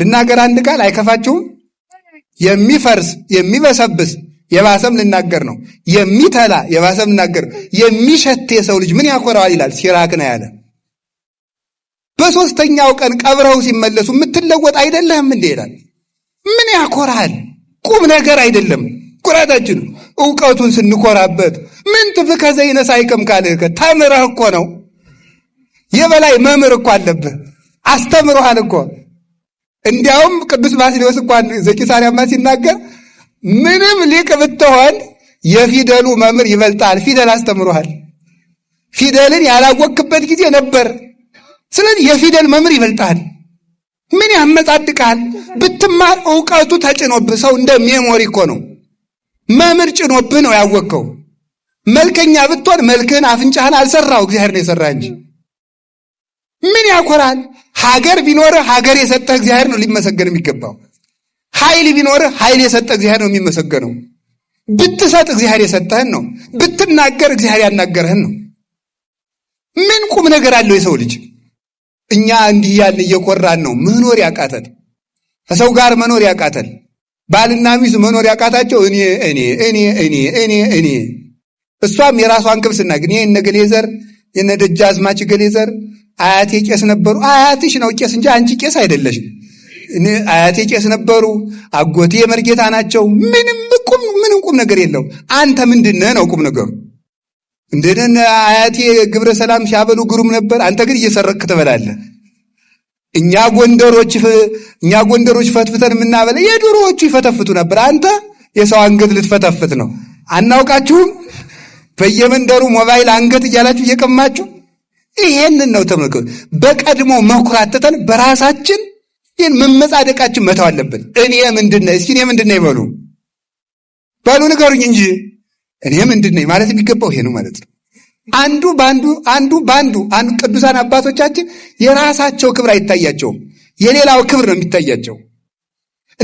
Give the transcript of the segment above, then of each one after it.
ልናገር አንድ ቃል አይከፋችሁም? የሚፈርስ የሚበሰብስ የባሰም ልናገር ነው። የሚተላ የባሰም ልናገር ነው። የሚሸት የሰው ልጅ ምን ያኮራዋል ይላል ሲራክ ነው ያለ። በሶስተኛው ቀን ቀብረው ሲመለሱ የምትለወጥ አይደለህም እንዴ ይላል። ምን ያኮራል? ቁም ነገር አይደለም ኩራታችን። እውቀቱን ስንኮራበት ምን ትፍ ከዘይነስ አይከም ካልህ ተምረህ እኮ ነው የበላይ መምህር እኮ አለብህ አስተምሮሃል እኮ እንዲያውም ቅዱስ ባስልዮስ እንኳን ዘኪሳርያማ ሲናገር ምንም ሊቅ ብትሆን የፊደሉ መምህር ይበልጣል። ፊደል አስተምሮሃል። ፊደልን ያላወክበት ጊዜ ነበር። ስለዚህ የፊደል መምህር ይበልጣል። ምን ያመጻድቃል? ብትማር እውቀቱ ተጭኖብህ ሰው እንደ ሜሞሪ እኮ ነው። መምህር ጭኖብህ ነው ያወቅከው። መልከኛ ብትሆን መልክህን አፍንጫህን አልሰራው እግዚአብሔር ነው የሰራ እንጂ ምን ያኮራል? ሀገር ቢኖርህ ሀገር የሰጠህ እግዚአብሔር ነው ሊመሰገን የሚገባው። ኃይል ቢኖርህ ኃይል የሰጠህ እግዚአብሔር ነው የሚመሰገነው። ብትሰጥ እግዚአብሔር የሰጠህን ነው። ብትናገር እግዚአብሔር ያናገረህን ነው። ምን ቁም ነገር አለው የሰው ልጅ? እኛ እንዲህ ያልን እየኮራን ነው መኖር ያቃተን፣ ከሰው ጋር መኖር ያቃተን፣ ባልና ሚስት መኖር ያቃታቸው እኔ እኔ እኔ እኔ እኔ እኔ እሷም የራሷን ክብስና ግን ይህን ነገሌ ዘር የነደጃዝማች እገሌ ዘር አያቴ ቄስ ነበሩ። አያትሽ ነው ቄስ እንጂ አንቺ ቄስ አይደለሽም። አያቴ ቄስ ነበሩ፣ አጎቴ መርጌታ ናቸው። ምንም ቁም ምንም ቁም ነገር የለው። አንተ ምንድነ ነው ቁም ነገሩ። እንደነ አያቴ ግብረ ሰላም ሲያበሉ ግሩም ነበር። አንተ ግን እየሰረክ ትበላለህ። እኛ ጎንደሮች እኛ ጎንደሮች ፈትፍተን የምናበለ የድሮዎቹ ይፈተፍቱ ነበር። አንተ የሰው አንገት ልትፈተፍት ነው። አናውቃችሁም። በየመንደሩ ሞባይል አንገት እያላችሁ እየቀማችሁ ይሄንን ነው ተመልከ። በቀድሞ መኩራት በራሳችን ይህን መመጻደቃችን መተው አለብን። እኔ ምንድነ እስኪ እኔ ምንድነ ይበሉ በሉ ንገሩኝ እንጂ እኔ ምንድነ ማለት የሚገባው ይሄ ነው ማለት ነው። አንዱ በአንዱ አንዱ በአንዱ አንዱ ቅዱሳን አባቶቻችን የራሳቸው ክብር አይታያቸውም፣ የሌላው ክብር ነው የሚታያቸው።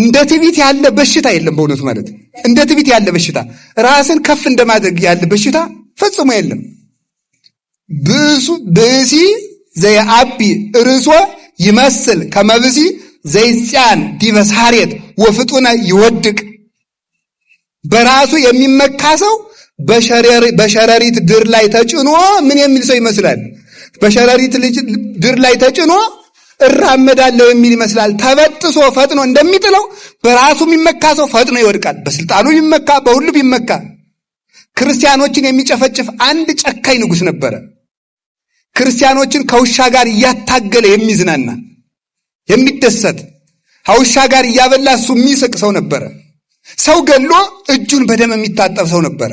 እንደ ትዕቢት ያለ በሽታ የለም በእውነቱ ማለት ነው። እንደ ትቢት ያለ በሽታ ራስን ከፍ እንደማድረግ ያለ በሽታ ፈጽሞ የለም። ብሱ ብሲ ዘየአቢ ርሶ ይመስል ከመብሲ ዘይጽያን ዲበ ሳሬት ወፍጡነ ይወድቅ። በራሱ የሚመካ ሰው በሸረሪት ድር ላይ ተጭኖ ምን የሚል ሰው ይመስላል? በሸረሪት ድር ላይ ተጭኖ እራመዳለሁ የሚል ይመስላል። ተበጥሶ ፈጥኖ እንደሚጥለው በራሱ የሚመካ ሰው ፈጥኖ ይወድቃል። በስልጣኑ ቢመካ፣ በሁሉ ቢመካ። ክርስቲያኖችን የሚጨፈጭፍ አንድ ጨካኝ ንጉሥ ነበረ። ክርስቲያኖችን ከውሻ ጋር እያታገለ የሚዝናና የሚደሰት ከውሻ ጋር እያበላ እሱ የሚስቅ ሰው ነበረ። ሰው ገሎ እጁን በደም የሚታጠብ ሰው ነበረ።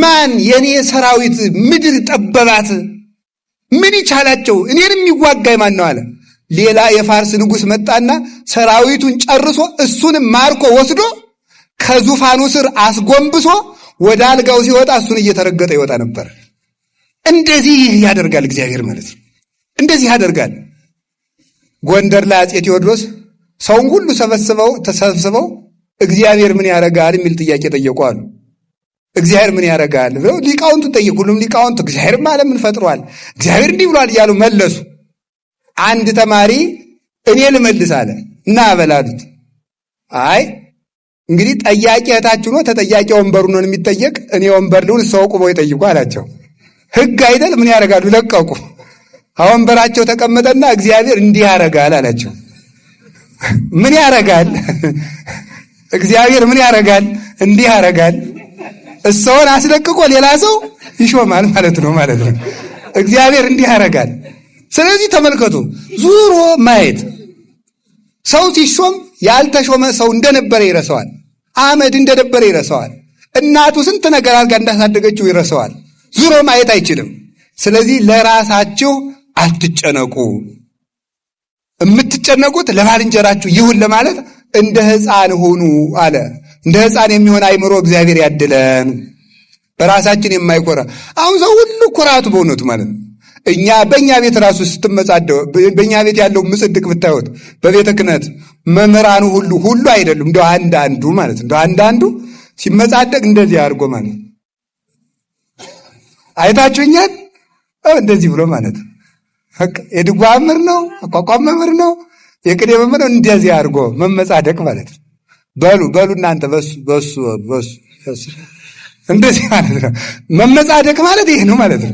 ማን የእኔ ሰራዊት ምድር ጠበባት ምን ይቻላቸው? እኔን የሚዋጋ ማን ነው አለ። ሌላ የፋርስ ንጉሥ መጣና ሰራዊቱን ጨርሶ እሱንም ማርኮ ወስዶ ከዙፋኑ ስር አስጎንብሶ ወደ አልጋው ሲወጣ እሱን እየተረገጠ ይወጣ ነበር። እንደዚህ ያደርጋል እግዚአብሔር ማለት ነው። እንደዚህ ያደርጋል። ጎንደር ላይ አፄ ቴዎድሮስ ሰውን ሁሉ ሰበስበው ተሰብስበው እግዚአብሔር ምን ያደርጋል የሚል ጥያቄ ጠየቁ አሉ። እግዚአብሔር ምን ያደርጋል ብለው ሊቃውንቱ ጠየቁ። ሁሉም ሊቃውንቱ እግዚአብሔርማ ዓለምን ፈጥሯል፣ እግዚአብሔር እንዲህ ብሏል እያሉ መለሱ። አንድ ተማሪ እኔ ልመልስ አለ እና አበላሉት። አይ እንግዲህ ጠያቂ እህታችሁ ነው፣ ተጠያቂ ወንበሩ ነው የሚጠየቅ። እኔ ወንበር ልሁን፣ ሰው ቁሞ ይጠይቁ አላቸው። ህግ አይደል? ምን ያደርጋሉ? ለቀቁ። ወንበራቸው ተቀመጠና እግዚአብሔር እንዲህ ያደርጋል አላቸው። ምን ያደርጋል? እግዚአብሔር ምን ያደርጋል? እንዲህ ያደርጋል እሰውን አስለቅቆ ሌላ ሰው ይሾማል ማለት ነው ማለት ነው። እግዚአብሔር እንዲህ ስለዚህ ተመልከቱ፣ ዙሮ ማየት ሰው ሲሾም ያልተሾመ ሰው እንደነበረ ይረሰዋል። አመድ እንደነበረ ይረሰዋል። እናቱ ስንት ነገር አልጋ እንዳሳደገችው ይረሰዋል። ዙሮ ማየት አይችልም። ስለዚህ ለራሳችሁ አትጨነቁ። የምትጨነቁት ለባልንጀራችሁ ይሁን ለማለት እንደ ሕፃን ሆኑ አለ። እንደ ሕፃን የሚሆን አይምሮ እግዚአብሔር ያድለን። በራሳችን የማይኮራ አሁን ሰው ሁሉ ኩራቱ በእውነቱ ማለት ነው። እኛ በእኛ ቤት ራሱ ስትመጻደው በእኛ ቤት ያለው ምጽድቅ ብታዩት በቤተ ክህነት መምህራኑ ሁሉ ሁሉ አይደሉም፣ እንደ አንዳንዱ ማለት እንደ አንዳንዱ ሲመጻደቅ እንደዚህ አድርጎ ማለት አይታችሁኛል። እንደዚህ ብሎ ማለት የድጓ መምህር ነው፣ አቋቋም መምህር ነው፣ የቅኔ መምህር ነው። እንደዚህ አድርጎ መመጻደቅ ማለት ነው። በሉ በሉ እናንተ በሱ በሱ እንደዚህ ማለት ነው። መመጻደቅ ማለት ይሄ ነው ማለት ነው።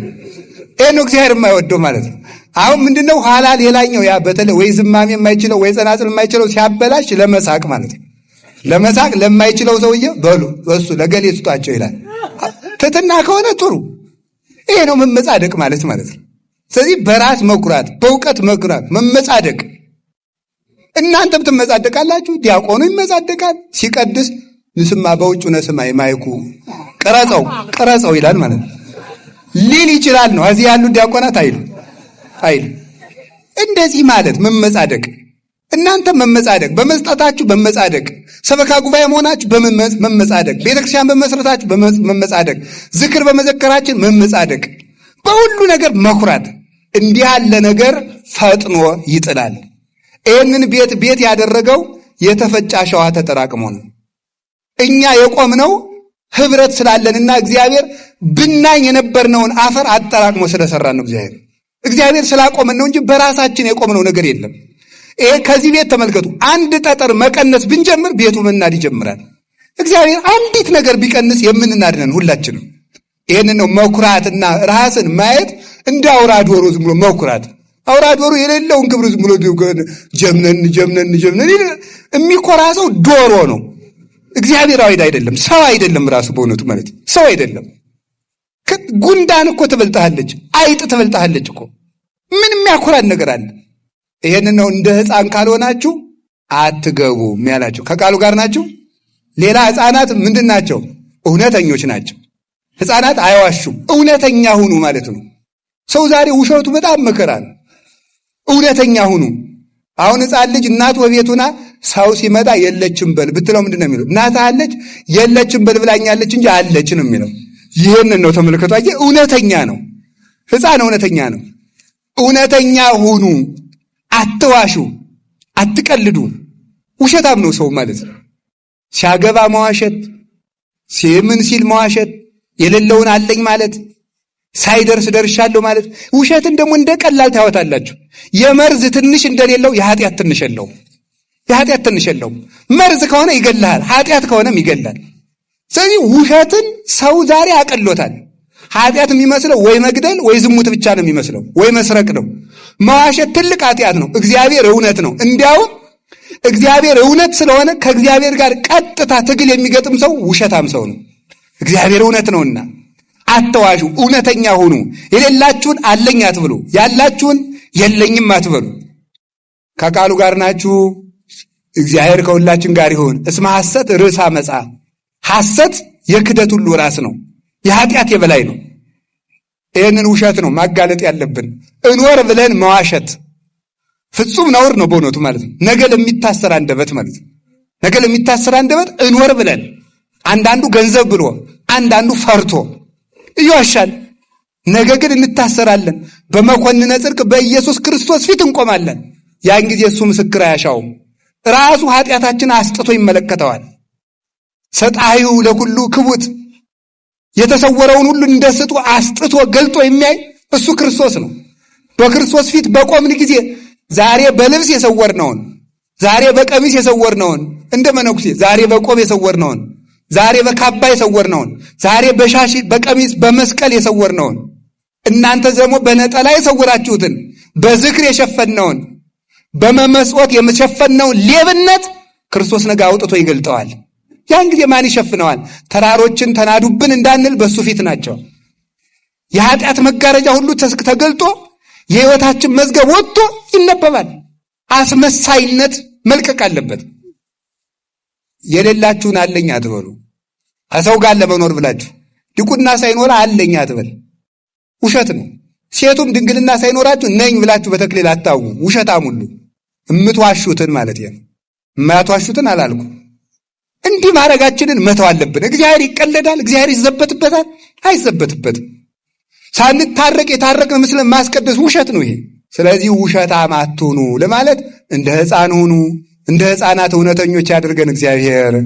ይሄ ነው እግዚአብሔር የማይወደው ማለት ነው። አሁን ምንድነው ኋላ ሌላኛው ያ በተለይ ወይ ዝማሜ የማይችለው ወይ ጸናጽል የማይችለው ሲያበላሽ ለመሳቅ ማለት ነው። ለመሳቅ ለማይችለው ሰውዬ በሉ በሱ ለገሌ ስጧቸው ይላል። ትትና ከሆነ ጥሩ። ይሄ ነው መመጻደቅ ማለት ማለት ነው። ስለዚህ በራስ መኩራት፣ በእውቀት መኩራት፣ መመጻደቅ እናንተም ትመጻደቃላችሁ። ዲያቆኑ ይመጻደቃል ሲቀድስ ንስማ በውጭ ነስማይ ማይኩ ቅረጸው ቅረጸው ይላል ማለት ነው። ሊል ይችላል ነው። እዚህ ያሉ ዲያቆናት አይሉ አይሉ እንደዚህ ማለት መመጻደቅ፣ እናንተ መመጻደቅ፣ በመስጠታችሁ መመጻደቅ፣ ሰበካ ጉባኤ መሆናችሁ በመመጻደቅ፣ ቤተክርስቲያን በመስረታችሁ በመመጻደቅ፣ ዝክር በመዘከራችን መመጻደቅ፣ በሁሉ ነገር መኩራት እንዲህ ያለ ነገር ፈጥኖ ይጥላል። ይህንን ቤት ቤት ያደረገው የተፈጨ አሸዋ ተጠራቅሞ ነው። እኛ የቆምነው ህብረት ስላለንና እግዚአብሔር ብናኝ የነበርነውን አፈር አጠራቅሞ ስለሰራ ነው። እግዚአብሔር እግዚአብሔር ስላቆመን ነው እንጂ በራሳችን የቆምነው ነገር የለም። ይሄ ከዚህ ቤት ተመልከቱ። አንድ ጠጠር መቀነስ ብንጀምር ቤቱ መናድ ይጀምራል። እግዚአብሔር አንዲት ነገር ቢቀንስ የምንናድነን ሁላችንም። ይህን ነው መኩራትና ራስን ማየት እንደ አውራ ዶሮ ዝም ብሎ መኩራት አውራ ዶሮ የሌለውን ክብር ዝም ብሎ ጀምነን ጀምነን ጀምነን የሚኮራ ሰው ዶሮ ነው። እግዚአብሔር አዊድ አይደለም፣ ሰው አይደለም። ራሱ በእውነቱ ማለት ሰው አይደለም። ጉንዳን እኮ ትበልጠሃለች፣ አይጥ ትበልጠሃለች እኮ ምን የሚያኮራን ነገር አለ? ይሄንን ነው እንደ ሕፃን ካልሆናችሁ አትገቡ ያላቸው። ከቃሉ ጋር ናቸው። ሌላ ሕፃናት ምንድን ናቸው? እውነተኞች ናቸው። ሕፃናት አይዋሹም። እውነተኛ ሁኑ ማለት ነው። ሰው ዛሬ ውሸቱ በጣም መከራ ነው። እውነተኛ ሁኑ። አሁን ህፃን ልጅ እናት ወቤቱና ሰው ሲመጣ የለችም በል ብትለው ምንድን ነው የሚለው? እናት አለች የለችም በል ብላኛለች እንጂ አለች ነው የሚለው። ይህንን ነው ተመልከቱ። እውነተኛ ነው። ህፃን እውነተኛ ነው። እውነተኛ ሁኑ፣ አትዋሹ፣ አትቀልዱ። ውሸታም ነው ሰው ማለት ነው። ሲያገባ መዋሸት፣ ሲምን ሲል መዋሸት፣ የሌለውን አለኝ ማለት ሳይደርስ ደርሻለሁ ማለት ውሸትን ደግሞ እንደ ቀላል ታወታላችሁ። የመርዝ ትንሽ እንደሌለው የኃጢአት ትንሽ የለውም። የኃጢአት ትንሽ የለውም። መርዝ ከሆነ ይገላል፣ ኃጢአት ከሆነም ይገላል። ስለዚህ ውሸትን ሰው ዛሬ አቀሎታል። ኃጢአት የሚመስለው ወይ መግደል ወይ ዝሙት ብቻ ነው የሚመስለው፣ ወይ መስረቅ ነው። መዋሸት ትልቅ ኃጢአት ነው። እግዚአብሔር እውነት ነው። እንዲያውም እግዚአብሔር እውነት ስለሆነ ከእግዚአብሔር ጋር ቀጥታ ትግል የሚገጥም ሰው ውሸታም ሰው ነው። እግዚአብሔር እውነት ነውና አተዋሹ፣ እውነተኛ ሁኑ። የሌላችሁን አለኝ አትብሉ፣ ያላችሁን የለኝም አትበሉ። ከቃሉ ጋር ናችሁ። እግዚአብሔር ከሁላችን ጋር ይሁን። እስመ ሐሰት ርዕሰ መጻ ሐሰት የክደት ሁሉ ራስ ነው፣ የኃጢአት የበላይ ነው። ይህንን ውሸት ነው ማጋለጥ ያለብን። እንወር ብለን መዋሸት ፍጹም ነውር ነው በእውነቱ ማለት ነው። ነገ ለሚታሰር አንደበት ማለት ነው። ነገ ለሚታሰር አንደበት እንወር ብለን አንዳንዱ ገንዘብ ብሎ አንዳንዱ ፈርቶ ይዋሻል። ነገ ግን እንታሰራለን፣ በመኮንነ ጽድቅ በኢየሱስ ክርስቶስ ፊት እንቆማለን። ያን ጊዜ እሱ ምስክር አያሻውም። ራሱ ኃጢአታችን አስጥቶ ይመለከተዋል። ሰጣዩ ለሁሉ ክቡት የተሰወረውን ሁሉ እንደ ስጡ አስጥቶ ገልጦ የሚያይ እሱ ክርስቶስ ነው። በክርስቶስ ፊት በቆምን ጊዜ ዛሬ በልብስ የሰወርነውን፣ ዛሬ በቀሚስ የሰወርነውን እንደ መነኩሴ ዛሬ በቆብ የሰወርነውን ዛሬ በካባ የሰወርነውን፣ ዛሬ በሻሽ በቀሚስ በመስቀል የሰወርነውን፣ እናንተ ደግሞ በነጠላ የሰወራችሁትን፣ በዝክር የሸፈንነውን፣ በመመስወት የሸፈንነውን ሌብነት ክርስቶስ ነገ አውጥቶ ይገልጠዋል። ያን ጊዜ ማን ይሸፍነዋል? ተራሮችን ተናዱብን እንዳንል በሱ ፊት ናቸው። የኃጢአት መጋረጃ ሁሉ ተገልጦ የሕይወታችን መዝገብ ወጥቶ ይነበባል። አስመሳይነት መልቀቅ አለበት። የሌላችሁን አለኝ አትበሉ። ከሰው ጋር ለመኖር ብላችሁ ድቁና ሳይኖራ አለኝ አትበል፣ ውሸት ነው። ሴቱም ድንግልና ሳይኖራችሁ ነኝ ብላችሁ በተክሊል አታውቁ፣ ውሸታም ሁሉ እምትዋሹትን ማለት ነው። የማያትዋሹትን አላልኩ። እንዲህ ማድረጋችንን መተው አለብን። እግዚአብሔር ይቀለዳል፣ እግዚአብሔር ይዘበትበታል፣ አይዘበትበትም። ሳንታረቅ የታረቅን ምስል ማስቀደስ ውሸት ነው ይሄ። ስለዚህ ውሸታም አትሁኑ ለማለት እንደ ሕፃን ሁኑ። እንደ ሕፃናት እውነተኞች ያድርገን እግዚአብሔር።